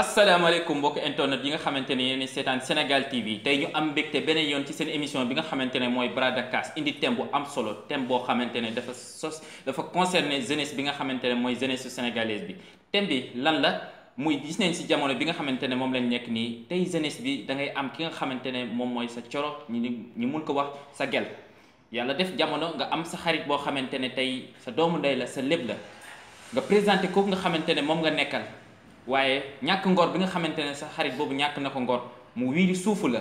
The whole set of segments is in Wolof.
asalaamaaleykum mbokk internet yi nga xamante ne yéen seetaan Sénégal TV tey ñu am mbégte beneen yoon ci seen émission bi nga xamante ne mooy Bras de Casse indi thème bu am solo thème boo xamante ne dafa sos dafa concerner jeunesse bi nga xamante ne mooy jeunesse sénégalaise bi thème bi lan la muy gis nañ si jamono bi nga xamante ne moom lañ nekk nii tey jeunesse bi da ngay am ki nga xamante ne moom mooy sa coro ñu ñu mun ko wax sa gel yàlla def jamono nga am sa xarit boo xamante ne tey sa doomu ndey la sa lépp la nga présenté kooku nga xamante ne moom nga nekkal waaye ñàkk ngor bi nga xamante ne sa xarit boobu ñàkk na ko ngor mu wiiri suufu la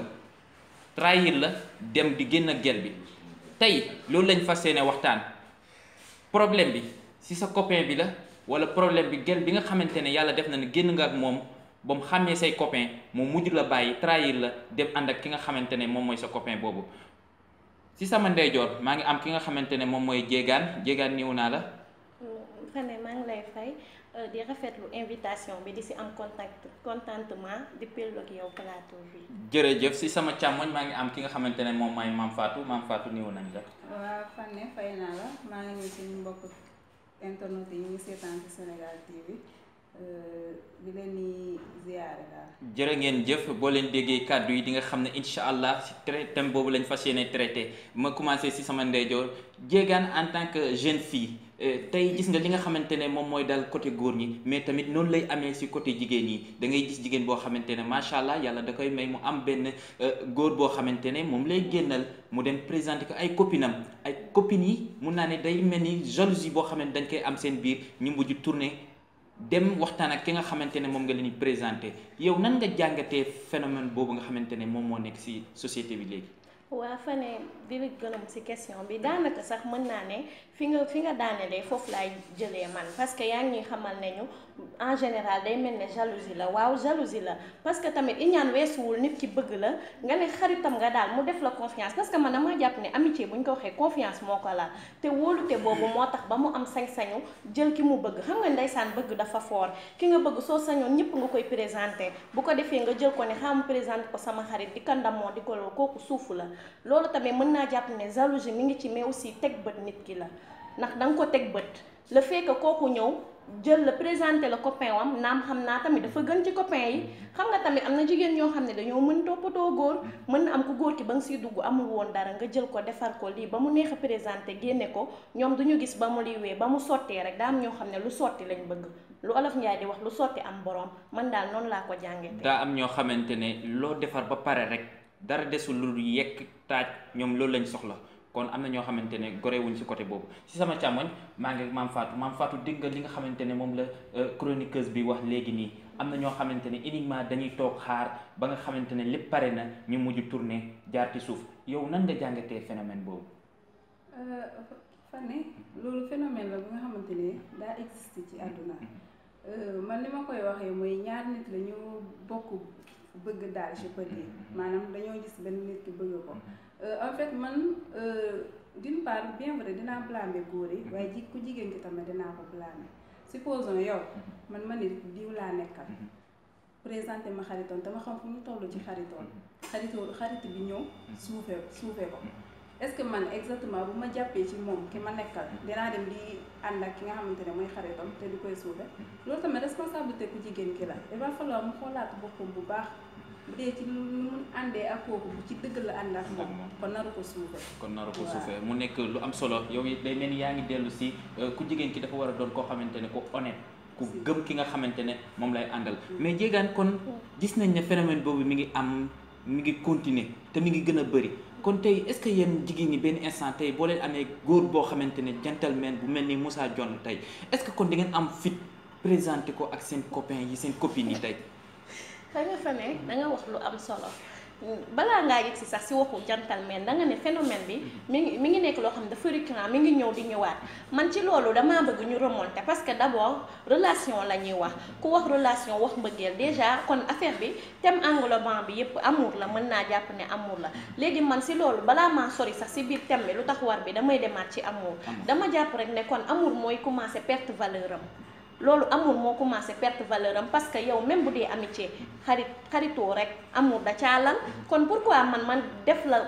trahir la dem di génn gel bi tey loolu lañ fa yéene waxtaan problème bi si sa copain bi la wala problème bi gel bi nga xamante ne yàlla def na ne génn nga ak moom ba mu xàmmee say copain mu mujj la bàyyi yir la dem ànd ak ki nga xamante ne moom mooy sa copain boobu si sama ndeyjoor maa ngi am ki nga xamante ne moom mooy jéegaan jéegaan niw naa la. Euh, di rafetlu invitation bi di si am contact contentement di pelloog yow plateau bi. jërëjëf si sama càmmoñ maa ngi am ki nga xamante ne moom mooy Mame Fatou Mame Fatou niwu nañ la. waaw Fane fay naa la maa ngi ñu seetaan ci Sénégal TV. di leen ngeen jëf boo leen déggee kàddu yi di nga xam ne incha allah si traité boobu lañ fas yéene traité ma commencé si sama ndeyjoor Diegane en tant que jeune fille euh, tey gis nga li nga xamante ne moom mooy dal côté góor ñi mais tamit noonu lay amee si côté jigéen ñi da ngay gis jigéen boo xamante ne macha allah yàlla da koy may mu am benn euh, góor boo xamante ne moom lay génnal mu dem présenté ko ay copinam ay copines yi mun naa ne day mel ni jalousie boo xam dañ koy am seen biir ñu mujj tourné. dem waxtaan ak ki nga xamante ne moom nga leen di présenté yow nan nga jàngatee phénomène boobu nga xamante ne moom moo nekk ci société bi léegi. waa fane di la gërëm ci question bi daanaka sax mën naa ne fi nga fi nga daanelee foofu laay jëlee man parce que yaa ngi xamal nañu en général day melne jalousie la waaw jalousie la parce que tamit ñaan weesuwul nit ki bëgg la nga ne xaritam nga daal mu def la confiance parce que man dama jàpp ne amitié buñ ko waxee confiance moo ko laal te wóolute boobu moo tax ba mu am sañ-sañu jël ki mu bëgg xam nga ndeysaan bëgg dafa fort ki nga bëgg soo sañoon ñëpp nga koy présenté bu ko defee nga jël ko ne xaa mu présenté ko sama xarit di ko ndamoo di ko loolu kooku suufu la loolu tamit mën naa jàpp ne jalousie mi ngi ci mais aussi teg bët nit ki la ndax da nga ko teg bët le fait que kooku ñëw jël la présenté la copain wam naam xam naa tamit dafa gën ci copain yi xam nga tamit am na jigéen ñoo xam ne dañoo mën toppatoo góor mën na am ku góor ki ba nga siy dugg amul woon dara nga jël ko defar ko lii ba mu neex présenté génne ko ñoom duñu gis ba mu liiwee ba mu sottee rek daa am ñoo xam ne lu sotti lañ bëgg lu olof njaay di wax lu sotti am borom mën daal noonu laa ko jàngee. daa am ñoo xamante ne loo defar ba pare rek dara desu lu yekk taaj ñoom loolu lañ soxla. kon am na ñoo xamante ne gore si côté boobu ci sama càmmoñ maa ngi maam Fatou maam Fatou dégg nga nga xamante ne moom la euh, chroniqueuse bi wax léegi nii am na ñoo xamante ne uniquement dañuy toog xaar ba nga xamante ne lépp pare na ñu mujj tourner jaar ci suuf yow nan nga jàngatee phénomène boobu. fan euh, Fane loolu phénomène la bu nga xamante ne daa existe ci àdduna mhm. euh, man ni ma koy waxee mooy ñaar nit la bokk bëgg daal je peux dire mhm. maanaam dañoo gis benn nit ki bëgg Euh, en fait man euh, d'une part bien vrai dina blâmer góor yi waaye ji ku jigéen ki tamit dinaa ko blâmer supposons yow man ma ne diw laa nekkal présenté ma xaritoon dama xam fu ñu toll ci xaritoon xaritoo xarit bi ñëw suufee suufee ko est-ce que man exactement bu ma jàppee ci mom ki ma nekkal dinaa dem di and ak ki nga xamantene moy mooy xaritam te di koy suufe loolu tamit responsabilité ku jigéen ki la il va falloir mu xoolaat boppam bu baax bu dee ci lu mu àndee ak kooku bu ci dëgg la ànd ak moom kon naru ko suufee kon naru ko suufee mu nekk lu am solo yow it day mel ni yaa ngi dellu si euh, ku jigéen ki dafa war a doon koo xamante ne ku honnête ku gëm ki nga xamante ne moom lay àndal mais jéegaan kon gis nañ ne phénomène boobu mi ngi am mu ngi continuer te mu ngi gën a bëri kon tey est-ce que yéen jigéen ñi benn instant tey boo leen amee góor boo xamante ne gentleman bu mel ni Moussa Dione tey est-ce que kon di ngeen am fit présenté ko ak seen copain yi seen copine yi tey te nga fa ne da nga wax lu am solo balaa ngaa yëg si sax si waxu gentleman da nga ne phénomène bi mi ngi mi ngi nekk loo xam ne dafa récurrent mi ngi ñëw di ñëwaat man ci loolu damaa bëgg ñu remonter parce que d'abord relation la ñuy wax ku wax relation wax mbëggeel déjà kon affaire bi thème englobant bi yépp amour la mën naa jàpp ne amour la léegi man si loolu balaa maa sori sax si biir tem bi lu tax war bi damay demaat ci amour dama jàpp rek ne kon amour mooy commencer perte valeur loolu amour moo commencé perte valeur am parce que yow même bu dee amitié xarit xaritoo rek amul da caalal kon pourquoi man man def la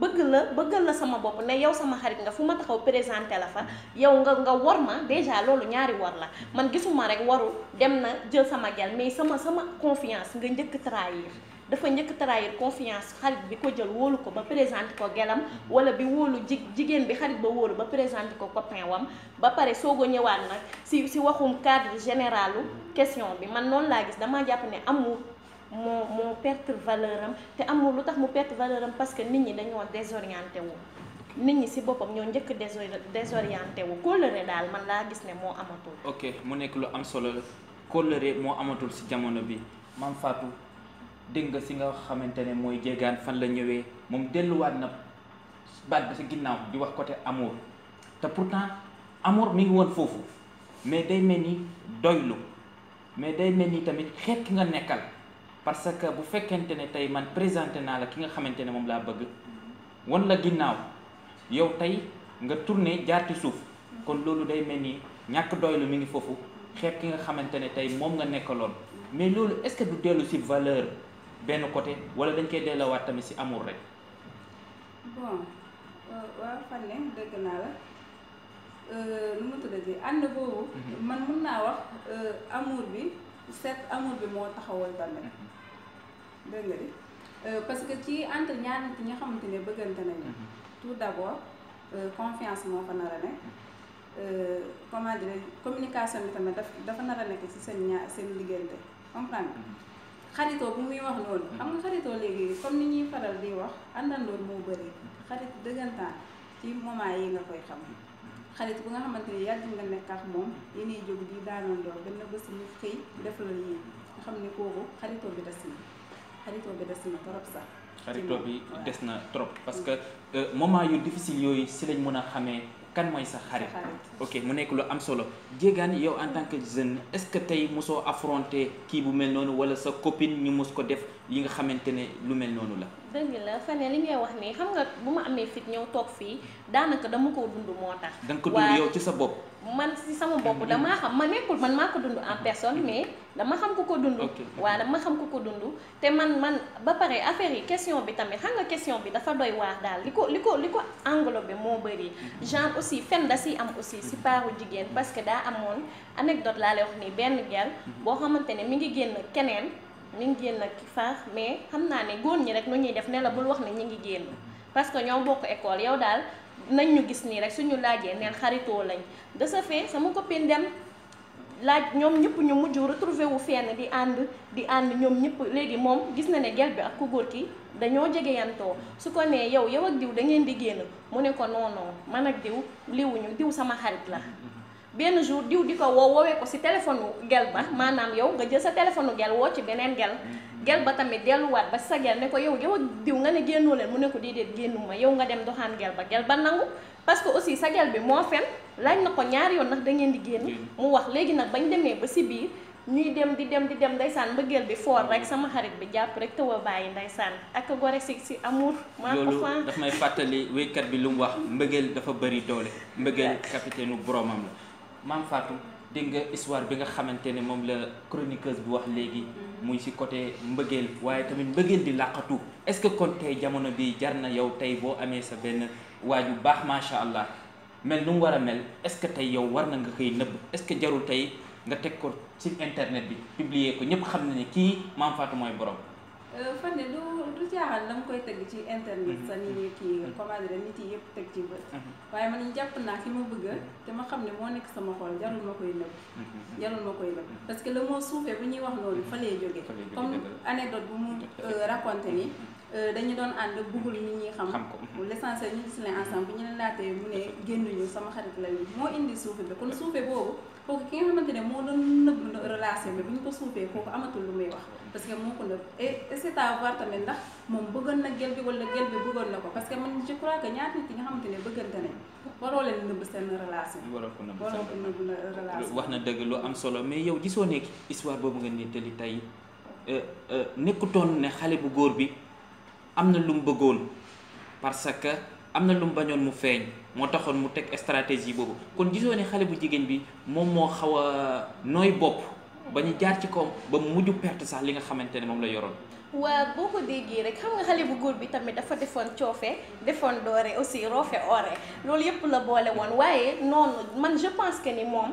bëgg la bëggal la sama bopp ne yow sama xarit nga fu ma taxaw présenté la fa yow nga nga war ma déjà loolu ñaari war la man gisuma rek warul dem na jël sama gel mais sama sama confiance nga njëkk trahir dafa ñëk trahir confiance xarit bi ko jël wolu ko ba présenté ko gelam wala bi bi xarit ba ba présenté ko copain wam ba paré sogo ñëwaat si si waxum cadre généralu question bi man non la gis dama japp ne un amour, valeur am parce que nit ñi désorienté wu nit ñi si bopam ñoo ñëk désorienté wu man gis ok mu nekk lu am solo coloré mo amatul si jamono bi Fatou dégg nga si nga xamante ne mooy jégaan fan la ñëwee moom delluwaat na baat ba si ginnaaw di wax côté amour te pourtant amour mi ngi woon foofu mais day mel ni doylu mais day mel ni tamit xeet ki nga nekkal parce que bu fekkente ne tey man présenter naa la ki nga xamante ne moom laa bëgg wan la ginnaaw yow tey nga tourné jaar ci suuf kon loolu day mel ni ñàkk doylu mi ngi foofu xeet ki nga xamante ne tey moom nga nekkaloon mais loolu est-ce du dellu si valeur benn côté wala dañ koy delloowaat tamit si amour rek. bon euh, waaw fan ne dëgg naa la euh, nu mu tuddati ànd boobu. Mhm. man mun naa wax euh, amour bi set amour bi moo taxawal tamit mhm. dégg nga di parce que ci entre ñaar nit nga xamante ne bëggante nañu. Mhm. tout d'abord confiance moo fa nar a ne. communication bi tamit daf dafa nar a nekk ci seen ñaar seen diggante comprendre xaritoo bu muy wax noonu xam nga xaritoo léegi comme ni ñuy faral di wax àndandoor moo bëri xarit dëggantaan ci moment yi nga koy xam xarit bu nga xamante ni yàgg nga nekk ak moom yéenay jóg di daanandoor benn bés mu xëy def la lii nga xam ne kooku xaritoo bi des na xaritoo bi des na torop sax xaritoo bi des na trop parce que eh, moment yu difficile yooyu si lañ mën a xamee kan mooy sa xarit ok mu nekk lu am solo jéegaan yow en tant que jeune est ce que tey mosoo affronté kii bu mel noonu wala sa copine ñu mos ko def li nga xamante ne lu mel noonu la dëgg la fane li ngay wax nii xam nga bu ma amee fit ñëw toog fii daanaka dama koo dund moo tax da nga ko dund yow ci sa bopp man si sama bopp damaa xam ma nekkul man maa ko dund en personne mais dama xam ku ko dund. waaw dama xam ku ko dund. te man man ba pare affaire yi question bi tamit xam nga question bi dafa doy waar daal li ko li ko li bi moo bëri. Mhm. genre aussi fen da si am aussi si mhm. paaru jigéen parce que daa amoon anecdote laa lay wax nii benn gel mhm. boo xamante ne mi ngi génn keneen mi ngi génn ki faax mais xam naa ne góor ñi rek nu ñuy def ne la bul wax ne ñu ngi génn parce que ñoo bokk école yow daal. nañ ñu gis nii rek suñu laajee neen xaritoo lañ de ce fait sama copine dem laaj ñoom ñëpp ñu mujj retrouvé wu fenn di ànd di ànd ñoom ñëpp léegi moom gis na ne gel bi ak ku góor ki dañoo jegeyantoo su ko nee yow yow ak diw dangeen di génn mu ne ko non non man ak diw liwuñu diw sama xarit la benn jour diw di ko woo woowee ko si téléphone gel ba maanaam yow nga jël sa téléphone gel woo ci beneen gel gel ba tamit delluwaat ba sa gel ne ko yow yow ak diw nga ne génnoo leen mu ne ko déedéet génnuma yow nga dem doxaan gel ba gel ba nangu parce que aussi sa gel bi moo fen laaj na ko ñaar yoon ndax da ngeen di génn mu wax léegi nag bañ demee ba si biir ñuy dem di dem di dem ndeysaan mbëggeel bi foor rek sama xarit bi jàpp rek tëw a bàyyi ndeysaan ak gore si si amour maa ko loolu daf may fàttali wéykat bi lu mu wax mbëggeel dafa bëri doole mbëggeel capitaine u maam Fatou dégg nga histoire bi nga xamante ne moom la chroniqueuse bi wax léegi muy ci côté mbëggeel waaye tamit mbëggeel di làqatu est-ce que kon tey jamono bi jar na yow tey boo amee sa benn waaju baax macha allah mel nu mu war a mel est-ce que tey yow war na nga koy nëbb est-ce que jarul tey nga teg ko ci internet bi publier ko ñëpp xam na ne kii maam Fatou mooy borom. Euh, fan ne du du jaaxal la mu koy tëgg ci internet mhm. sa nit ñi kii comment dire nit yi yëpp teg ci bët mhm. waaye man jàpp naa ki ma bëgg te ma xam ne moo nekk sama xol jarul ma koy nëb mhm. jarul ma koy nëb parce que la mot suufee bu ñuy wax loolu fa lay jóge comme anecdote bu mu euh, raconté ni euh, dañu doon ànd buggul nit ñi xam l'essentiel ñu gis leen ensemble bu ñu leen laatee mu ne génn ñu sama xarit la moo indi suufe bi kon suufe boobu kooku ki nga xamante moo doon nëbb relation ko suufee kooku lu muy wax parce que moo ko nëb et c'est à na gel wala gel bi na ko parce que man je crois que ñaar nit yi nga xamante waroo leen nëbb seen relation ko nëbb wax na dëgg lu am solo mais yow gisoo nekk histoire boobu nga nettali tey euh, euh, nekkutoon ne xale bu góor bi am na lu mu bëggoon parce que am na lu mu bañoon mu feeñ moo taxoon mu teg stratégie boobu kon gisoo ne xale bu jigéen bi moom moo xaw a nooy bopp ba ñu jaar ci koom ba mu mujj perte sax li nga xamante ne moom la yoroon. waaw boo ko déggee rek xam nga xale bu góor bi tamit dafa defoon coofe defoon doore aussi roofe oore loolu yëpp la boole woon waaye noonu man je pense que ni moom.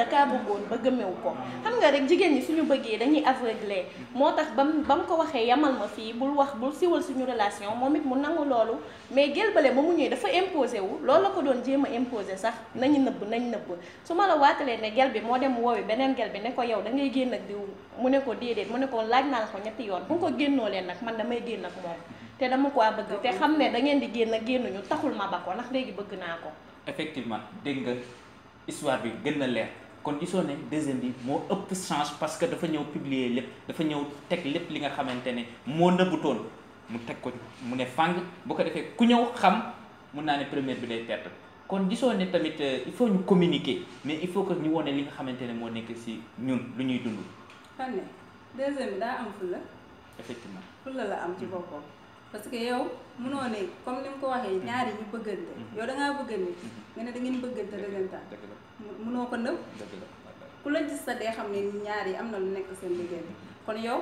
dakaa bëggoon ba gëmewu ko xam nga rek jigéen ñi suñu bëggee dañuy aveuglé moo tax ba mu ko waxee yamal ma fii bul wax bul siwal suñu relation moom it mu nangu loolu mais gélbale ba mu ñëwee dafa imposé wu loolu la ko doon jéem a imposé sax nañu nëbb nañ nëbb su ma la waatalee ne gel bi moo dem woowi beneen gel bi ne ko yow da génn ak diw mu ne ko déedéet mu ne ko laaj naa la ko ñetti yoon bu nga ko génnoo leen nag man damay génn ak moom te dama ko bëgg te xam ne da ngeen di génn génnuñu taxul ma ba ko ndax léegi bëgg naa ko effectivement dégg gën na leer kon di soo ne deuxième bi moo ëpp chance parce que dafa ñëw publier lépp dafa ñëw teg lépp li nga xamante ne moo nëbbutoon mu teg ko mu ne fàng boo ko defee ku ñëw xam mun naa ne première bi day perte kon gisoo ne tamit euh, il faut ñu communiquer mais il faut que ñu wone li nga xamante ne moo nekk si ñun lu ñuy dund. fan ne deuxième bi daa am fulla. effectivement fulla la am ci mm-hmm. boppam. parce que yow munoo ne comme ni mu ko waxee mm-hmm. ñaari ñu bëggante. Mm-hmm. yow da ngaa bëggante nga ne da ngeen bëggante dëggantaan. mënoo ko nëb ku la gis sa dee xam ne ñaar yi am na lu nekk seen diggante kon yow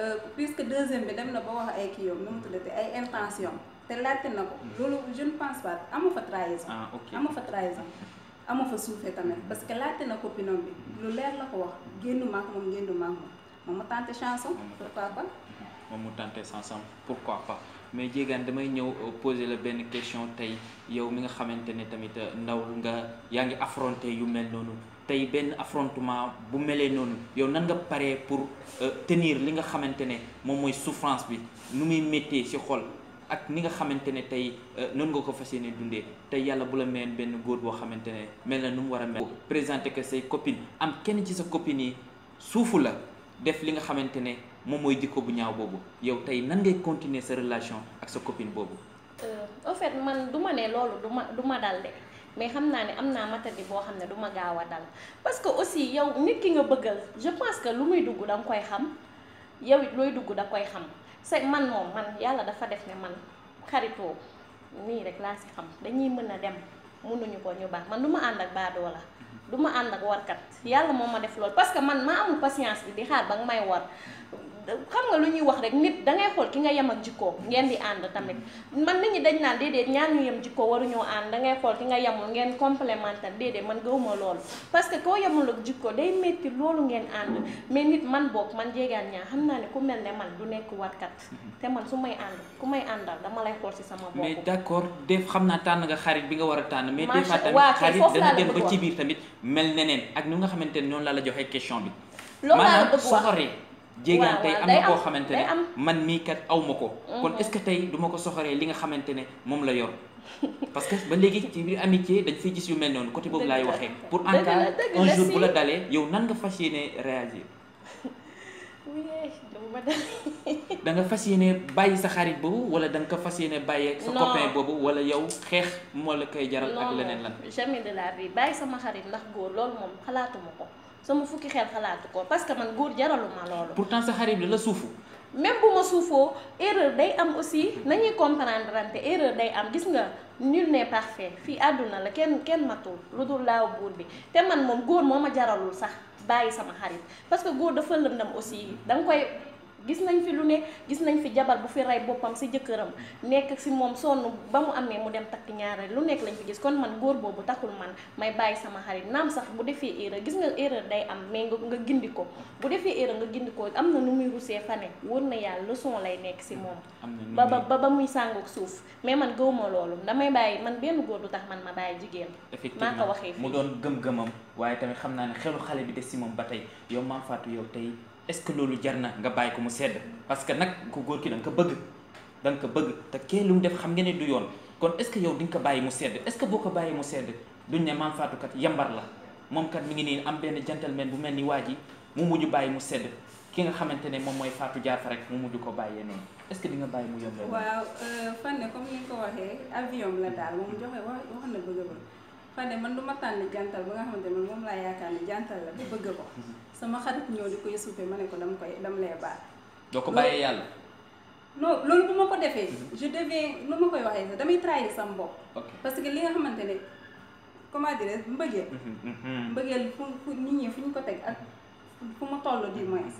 euh, puisque deuxième bi dem na ba wax ay kii yow nu mu tuddati ay intention te laajte na ko mm. loolu je ne pense amu fa trahison ah, amu fa trahison amu fa suufee tamit parce que laajte na copinam bi lu leer la ko wax génn maak moom génn maak moom moom mu tenté chanson pourquoi pas moom mu tenté chanson pourquoi pas mais Diegane damay ñëw euh, poser la benn question tey yow mi nga xamante ne tamit euh, ndaw nga yaa ngi affronter yu mel noonu tey benn affrontement bu melee noonu yow nan nga pare pour euh, tenir li nga xamante ne moom mooy souffrance bi nu muy méttee ci xol ak ni nga xamante ne tey noonu nga ko fas yéene dundee tey yàlla bu la meen benn góor boo xamante ne mel na nu mu war a mel. présenter que say copines am kenn ci sa copines yi suufu la def li nga xamante ne. moom mooy dikko bu ñaaw boobu yow tey nan ngay continuer sa relation ak sa copine boobu. en euh, fait man du ma ne loolu du ma du ma dal de mais xam naa ne am naa matadi boo xam ne du ma gaaw a dal parce que aussi yow nit ki nga bëggal je pense que lu muy dugg danga koy xam yow it looy dugg da koy xam c'est man moom man yàlla dafa def ne man xaritoo nii rek laa si xam dañuy mën a dem mënuñu ko ñu baax man du ma ànd ak baadoo la du ànd ak warkat yàlla moo ma def loolu parce que man maa amul patience bi di xaar ba nga may war. xam nga lu ñuy wax rek nit dangay xool ki nga yem ak jikkoo ngeen di ànd tamit man nit ñi dañ naan dee déedéet ñaar ñu yem jikkoo waruñoo ànd dangay xool ki nga yemul ngeen complémentaire déedéet man gëwuma loolu parce que koo yemul ak jikkoo day métti ngeen ànd mais nit man boog man jéegaan ñaa xam naa ne ku mel ne man du nekk warkat te man su may ànd ku dama lay xool si sama bopp mais d'accord xam naa tànn nga xarit bi nga war a tànn mais des fois tamit xarit dana dem ba ci biir mel neneen ak ni nga xamante ne noonu laa la joxee question bi maanaam soxore jéegaan tey am na koo xamante ne man mii kat aw ma ko mm-hmm. kon est-ce que tey du ma ko soxoree li nga xamante ne moom la yor parce que ba léegi ci biir amitié dañ fiy gis yu mel noonu côté boobu laay waxee pour en cas un jour bu la dalee yow nan nga fas yéene réagir da nga fas yéene bàyyi sa xarit boobu wala da nga ko fas yéene bàyyi sa copain boobu wala yow xeex moo la koy jaral ak leneen lan jamais de la vie bàyyi sama xarit ndax góor loolu moom xalaatuma ko sama fukki xel xalaatu parce que man jaraluma pourtant sa xarit la la même bu ma suufoo erreur day am aussi nañuy comprendre erreur day am gis nul n'est parfait fii la kenn kenn matul lu bi te man ma jaralul sax bàyyi sama xarit parce que góor dafa aussi gis nañ fi lu ne gis nañ fi jabar bu fi rey boppam si jëkkëram nekk si moom sonn ba mu amee mu dem takk ñaareel lu nekk lañ fi gis kon man góor boobu taxul man may bàyyi sama xarit naam sax bu defee erreur gis nga erreur day am mais nga gindi ko bu defee erreur nga gindi ko am na nu muy rusee fane wóor na yàlla leçon lay nekk si moom ba ba ba muy sàngook suuf mais man gëwuma loolu damay bàyyi man benn góor du tax man ma bàyyi jigéen maa ko waxee mu doon gëm-gëmam waaye tamit xam naa ne xelu xale bi des si moom ba tey yow maam Fatou yow tey est-ce que loolu jar na nga bàyyi ko mu sedd parce que nag ku góor ki da ko bëgg ko bëgg lu def xam du yoon kon est-ce que yow di nga ko bàyyi mu sedd est-ce que boo ko mu sedd duñ ne Fatou kat yambar la moom kat mi ngi am gentleman bu mel ni waa ji mu mujj bàyyi mu sedd ki nga xamante ne moom mooy Fatou Diatta rek mu ko est-ce que di nga mu waaw euh, Fane comme ni ko avion la joxe wax na bëgg ba Fane man ba nga la bëgg ko. sama xarit ñëw di ko Youssoufé ma ne ko dama koy dama lay baal. doo ko bàyyee yàlla. non loolu bu ma ko defee. Mhm. je deviens nu ma koy waxee sax damay trahir sama bopp. parce que li nga xamante ne comment dire mbëggeel. Mhm, mhm. mbëggeel fu fu nit ñi fu ñu ko teg ak fu ma toll du moins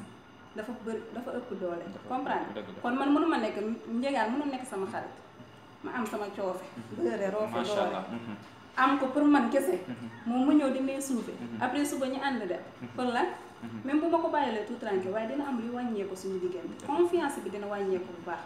dafa bër dafa ëpp doole. comprendre kon man mënu ma nekk njëgaan mënu nekk sama xarit ma am sama coofe. bëre roofe doole. am ko pour man kese. Mhm. moom mu ñëw di may suufe mhm. après suba ñu ànd dem. Mhm. kon la même bu ma ko bàyyilee tout tranquille waaye dina am luy wàññeeku suñu diggante confiance bi dina wàññeeku bu baax.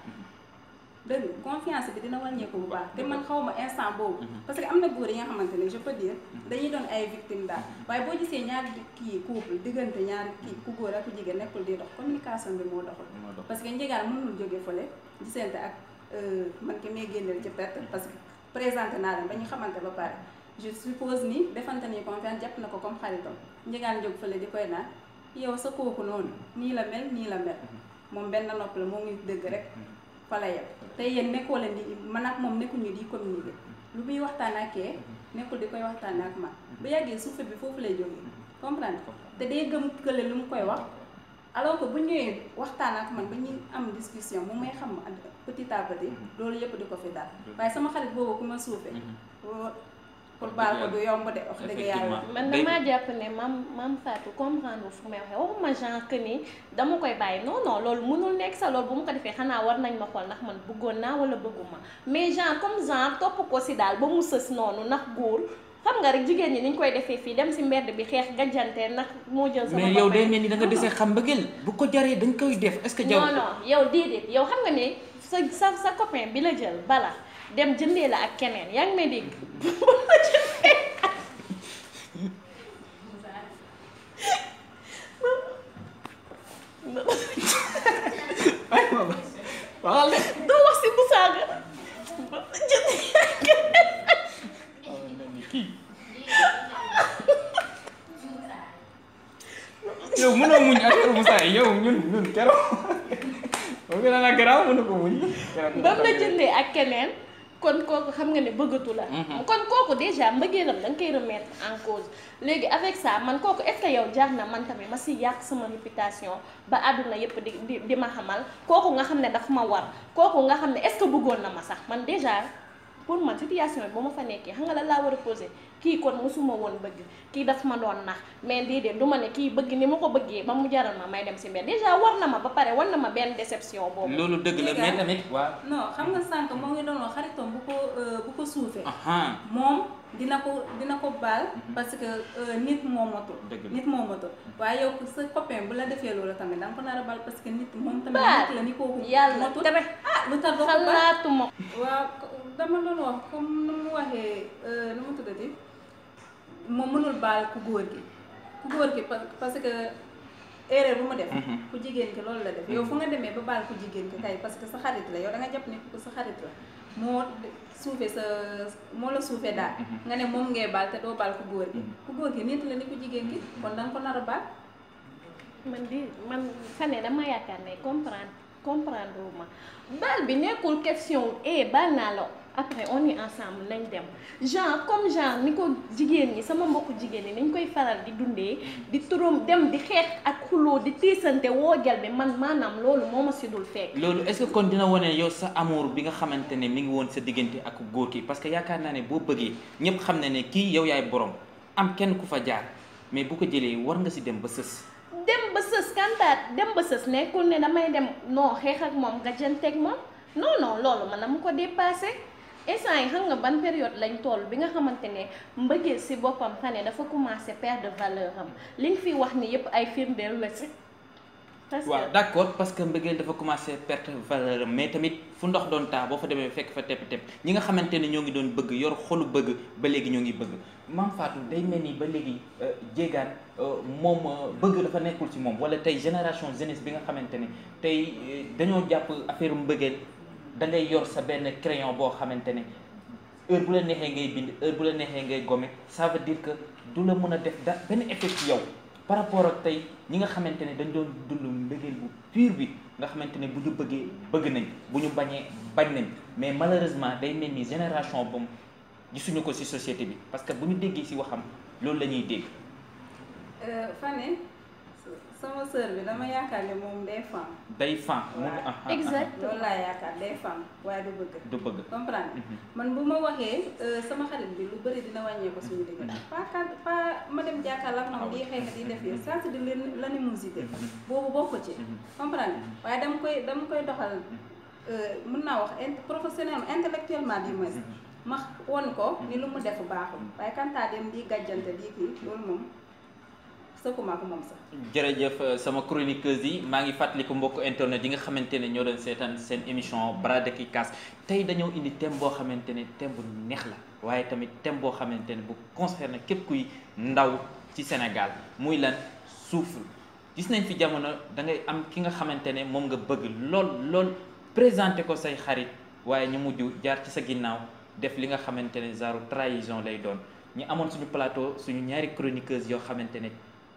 dëgg confiance bi dina wàññeeku bu baax te man xaw ma instant boobu. parce que am na góor yi nga xamante ne je peux dire dañuy doon ay victime daal waaye boo gisee ñaari kii couple diggante ñaari kii ku góor ak ku jigéen nekkul di dox communication bi moo doxul. parce que njëgaal mënul jóge fële gisante ak euh, man ki may génneel ci perte parce que. présenté naa leen ba ñu xamante ba pare je suppose ni defante ni confiance jàpp na ko comme xaritam njëgaan jóg fële di koy naan yow sa kooku noonu nii la mel nii la mel moom benn nopp la moo ngi dëgg rek fa la yem te yéen nekkoo leen di man ak moom nekkuñu di communiquer lu muy waxtaan ak kee nekkul di koy waxtaan ak man bu yàggee suufe bi foofu lay jógee comprendre te day gëm kële lu mu koy wax alors bu ñëwee waxtaan ak man bu ñuy am discussion moom may xam ak petit à petit mhm. loolu yëpp di ko fi daal mhm. waaye sama xarit boobu ku ma suufee mhm. oh, pour baal ko du yomb de wax dëgg yàlla man damaa jàpp ne maam maam Fatou comprendre fu may waxee waxuma genre que nii dama koy bàyyi non loolu mënul nekk sa loolu bu mu ko defee xanaa war nañ ma xool ndax man bëggoon naa wala bëgguma mais genre comme genre topp ko si daal ba mu sës noonu ndax góor xam kan nga rek jigéen ñi ni ñu koy defee fii dem si mbedd bi xeex gàjjante nag moo jël sama mais yow day mel ni da nga desee xam mbëggeel bu ko jaree dañ koy def est-ce que jaw non non yow déedéet yow xam nga ne sa sa sa copain bi la jël bala dem jëndee la ak keneen yaa ngi may dégg waaw doo wax si bu saaga jëndee ak keneen yow mënoo muñ affaire Moussa yow ñun ñun keroog a la garaaw mënu ko muñ. ba mu la jëndee ak keneen. kon kooku xam nga ne bëggatu la. Mhm. kon kooku déjà mbëggeelam da nga koy remettre en cause léegi avec ça man kooku est-ce que jaar na man tamit ma si yàq sama réputation ba àdduna yëpp di di di ma xamal kooku nga xam ne daf ma war kooku nga xam ne est-ce que bëggoon na ma sax man déjà. pour man situation bi ba ma fa nekkee xam nga la laa war a posé kii kon mosuma woon bëgg kii daf ma doon nax mais déedéet du ma ne bëgg ni ma ko bëggee ba mu jaral ma may dem si mbedd déjà war na ma ba pare war na ma benn déception boobu. loolu dëgg la mais tamit waaw. non xam nga sànq moo ngi doon wax xaritam bu ko euh, bu ko suufee. moom dina ko dina ko baal mhm. parce que euh, nit moo matul. nit moo matul waaye yow sa copain bu la defee loolu tamit da nga ko nar a baal parce que nit moom tamit. nit la ni kooku matul ah lu tax doo ko baal xalaatuma da ma doon wax comme nu mu waxee euh, nu mu tuddati moom mënul baal ku góor gi ku góor gi parce que erreur bu mu def mhm. ku jigéen ki loolu la def yow fu nga demee ba baal ku jigéen ki tey parce que sa xarit la yow da nga jàpp ne ku sa xarit la moo suufee sa moo la suufee daal mhm. nga ne moom ngay baal te doo baal ku góor gi mhm. ku góor gi nit la ni ku jigéen ki kon da nga ko nar a baal man di man sane dama yaakaar ne comprendre comprendre ma baal bi nekkul question eh baal naa la après on est ensemble lañ dem genre comme genre niko ko jigéen ñi sama mbokku jigéen ni nañ koy faral di dundé di turum dem di xéx ak xuloo di tiisante woojal bi man manam loolu moma ma dul fekk. loolu est-ce que kon dina woné yow sa amour bi nga xamante ne mi ngi won sa diggante ak goor ki parce que yaakaar naa ne boo bëggee ñëpp xam na ne kii yow yaay borom am kenn ku fa jaar mais bu ko jëlee war nga ci dem ba seuss dem ba seuss kantaat dem ba sës nekkul né damay dem non xéx ak mom nga jënteeg mom non non loolu man ko dépassé instant yi xam nga ban période lañ toll bi nga xamante ne mbëggeel si boppam xane dafa commencé perdre valeur am li nga fi wax ni yépp ay firndeel la si parce que waaw d' accord parce que mbëggeel dafa commencé perte valeur mais tamit fu ndox doon taa boo fa demee fekk fa tepp tepp ñi nga xamante ne ñoo ngi doon bëgg yor xolu bëgg ba léegi ñoo ngi bëgg Mame Fatou day mel ni ba léegi jéegaan euh, euh, moom euh, bëgg dafa nekkul ci moom wala tey génération jeunesse bi nga xamante ne tey dañoo jàpp affaire mbëggeel da ngay yor sa benn crayon boo xamante ne heure bu la neexee ngay bind heure bu la neexee ngay gomme ça veut que du la mën a def da benn effet ci yow par rapport ak tey ñi nga xamante ne dañ doon dund mbëggeel bu pur bi nga xamante ne bu ñu bëggee bëgg nañ bu ñu bañee bañ nañ mais malheureusement day mel ni génération boobu gisuñu ko si société bi parce que bu ñu déggee ci waxam loolu la ñuy dégg. Euh, sama sœur bi dama yaakaar ne moom day fan. day fan moom ah exact loolu laa yaakaar day fan waaye du bëgg. du bëgg comprendre mhm. man bu ma waxee euh, sama xarit bi lu bëri dina wàññeeku suñu diggante. Mhm. pas ka pas ma dem jàkkaarloo ak moom di xeex di def yéen sens de l'animosité mhm. boobu bokk ci. comprendre waaye dama koy dama koy doxal mun euh, naa wax in professionnel intellectuellement du moins ma won ko ni lu mu def baaxul waaye kantaa dem di gàjjante di kii loolu moom. sëkkuma ko moom jërëjëf euh, sama chroniqueuse yi maa ngi fàttaliku mbokk internet yi nga xamante ne ñoo doon seetaan seen émission Bradek ki kaas tey dañoo indi thème boo xamante ne thème bu neex la waaye tamit thème boo xamante ne bu concerné képp kuy ndaw ci Sénégal muy lan souffle gis nañ fi jamono da ngay am ki nga xamante ne moom nga bëgg lool lool présenté ko say xarit waaye ñu mujj jaar ci sa ginnaaw def li nga xamante ne genre trahison lay doon ñu amoon suñu plateau suñu ñaari chroniqueuse yoo xamante ne.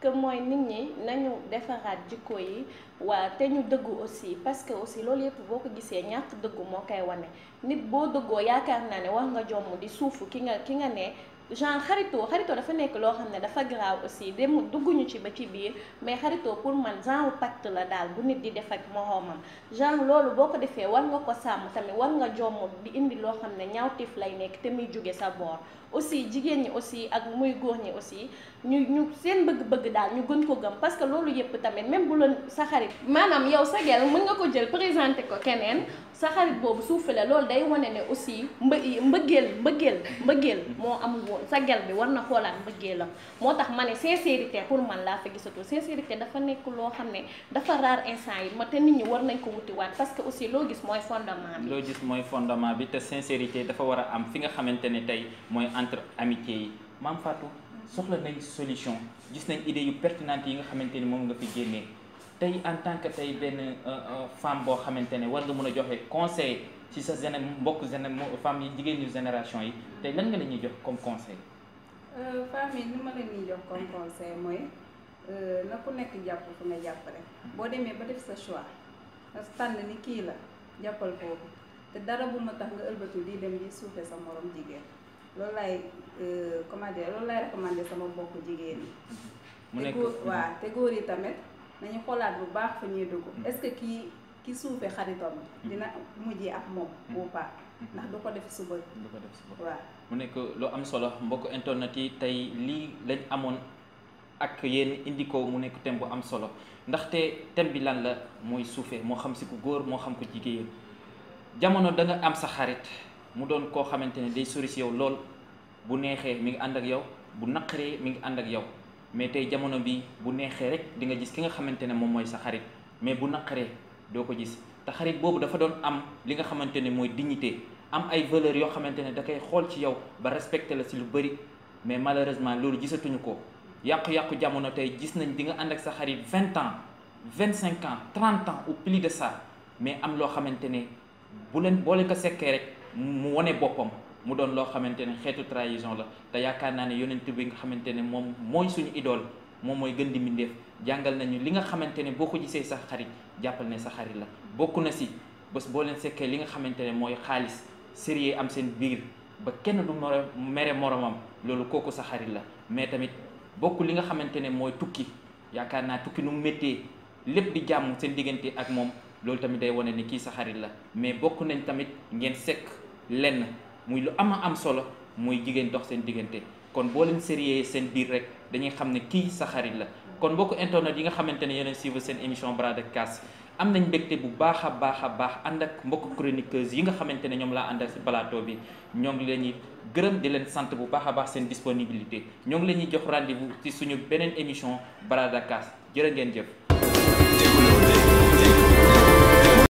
que mooy nit ñi nañu defaraat jikko yi waaw te ñu dëggu aussi parce que aussi loolu yëpp boo ko gisee ñàkk dëggu moo koy wane nit boo dëggoo yaakaar naa ne war nga jomm di suufu ki nga ki nga ne genre xaritoo xaritoo dafa nekk loo xam ne dafa graaw aussi dem dugguñu ci ba ci biir mais xaritoo pour man genre pacte la daal bu nit di def ak moroomam genre loolu boo ko defee war nga ko sàmm tamit war nga jomm di indi loo xam ne ñaawtif lay nekk te muy jóge sa boor aussi jigéen ñi aussi ak muy góor ñi aussi ñu ñu seen bëgg-bëgg daal ñu gën ko gëm parce que loolu yëpp tamit même bu la sa xarit maanaam yow sa gel mun nga ko jël présenté ko keneen sa xarit boobu suufe la loolu day wane ne aussi mbë mbëggeel mbëggeel mbëggeel moo amul woon sa gel bi war na xoolaat la moo tax ma ne sincérité pour man laa fa gisatoo sincérité dafa nekk loo xam ne dafa rare instant yi ma te nit ñi war nañ ko wutiwaat parce que aussi loo gis mooy fondement bi loo gis mooy fondement bi te sincérité dafa war a am fi nga xamante ne tey mooy entre amitié yi maam Fatou soxla nañ solution gis nañ idée yu pertinente yi nga xamante ni moom nga fi tey en tant que tay ben euh, euh, femme bo xamantene ne war nga mën joxe conseil ci sa géné mbokk géné femme yi jigéen ñu génération yi tay lan nga la ñuy jox comme conseil euh, femme yi ni ma la ñuy jox comme conseil mooy na ku nekk jàpp fu nga jàpp rek boo demee ba def sa choix nga tànn ni kii la jàppal foofu te dara bu ma tax nga ëlbatu di dem di suufe sa morom jigéen loolu lay comment dire loolu lay recommander sama mbokk jigéen yi te góor waa te góor yi tamit nañu xoolaat bu baax fa ñuy dugg mm-hmm. est que kii ki suufe xaritam mm-hmm. dina mujjee ak moom bu mm-hmm. baax ndax du ko def suba du ko def suba waaw mu nekk lu am solo mbokk internet yi tey lii lañ amoon ak yéen indi ko mu nekk thème bu am solo ndaxte thème bi lan la mooy suufe moo xam si ku góor moo xam ko jigéen jamono da nga am sa xarit mu doon koo xamante ne day sori si yow lool bu neexee mi ngi ànd ak yow bu naqaree mi ngi ànd ak yow mais tey jamono bi bu neexee rek di nga gis ki nga xamante ne moom mooy sa xarit mais bu naqaree doo ko gis te xarit boobu dafa doon am li nga xamante ne mooy dignité am ay valeur yoo xamante ne da koy xool ci yow ba respecté la si lu bëri mais malheureusement loolu gisatuñu ko yàqu-yàqu jamono tey gis nañ di nga ànd ak sa xarit vingt ans vingt cinq ans trente ans au plus de sa mais am loo xamante ne bu leen boo ko sekkee rek mu wane boppam mu doon loo xamante ne xeetu trahison la te yaakaar naa ne yonent bi nga xamante ne moom mooy suñu idool moom mooy gën di mbindéef jàngal nañu li nga xamante ne boo ko gisee sa xarit jàppal ne sa xarit la bokk na si bés boo leen sekkee li nga xamante ne mooy xaalis sérieux am seen biir ba kenn du mere moromam loolu kooku sa la mais tamit bokk li nga xamante ne mooy tukki yaakaar naa tukki nu mu lépp di jàmm seen diggante ak moom loolu tamit day wane ni kii sa xarit la mais bokk nañ tamit ngeen sekk lenn muy lu ama am solo muy jigéen dox seen diggante kon boo leen sérieux seen biir rek dañuy xam ne kii sa xarit la kon mbokku internet yi nga xamante ne yeneen suivre seen émission Bras de Casse am nañ mbégte bu baax a baax a baax ànd ak mbokk chroniqueuse yi nga xamante ne ñoom laa ànd ak si plateau bi ñoo ngi leen di gërëm di leen sant bu baax a baax seen disponibilité ñoo ngi leen di jox rendez-vous ci suñu beneen émission Bras de Casse jërë ngeen jëf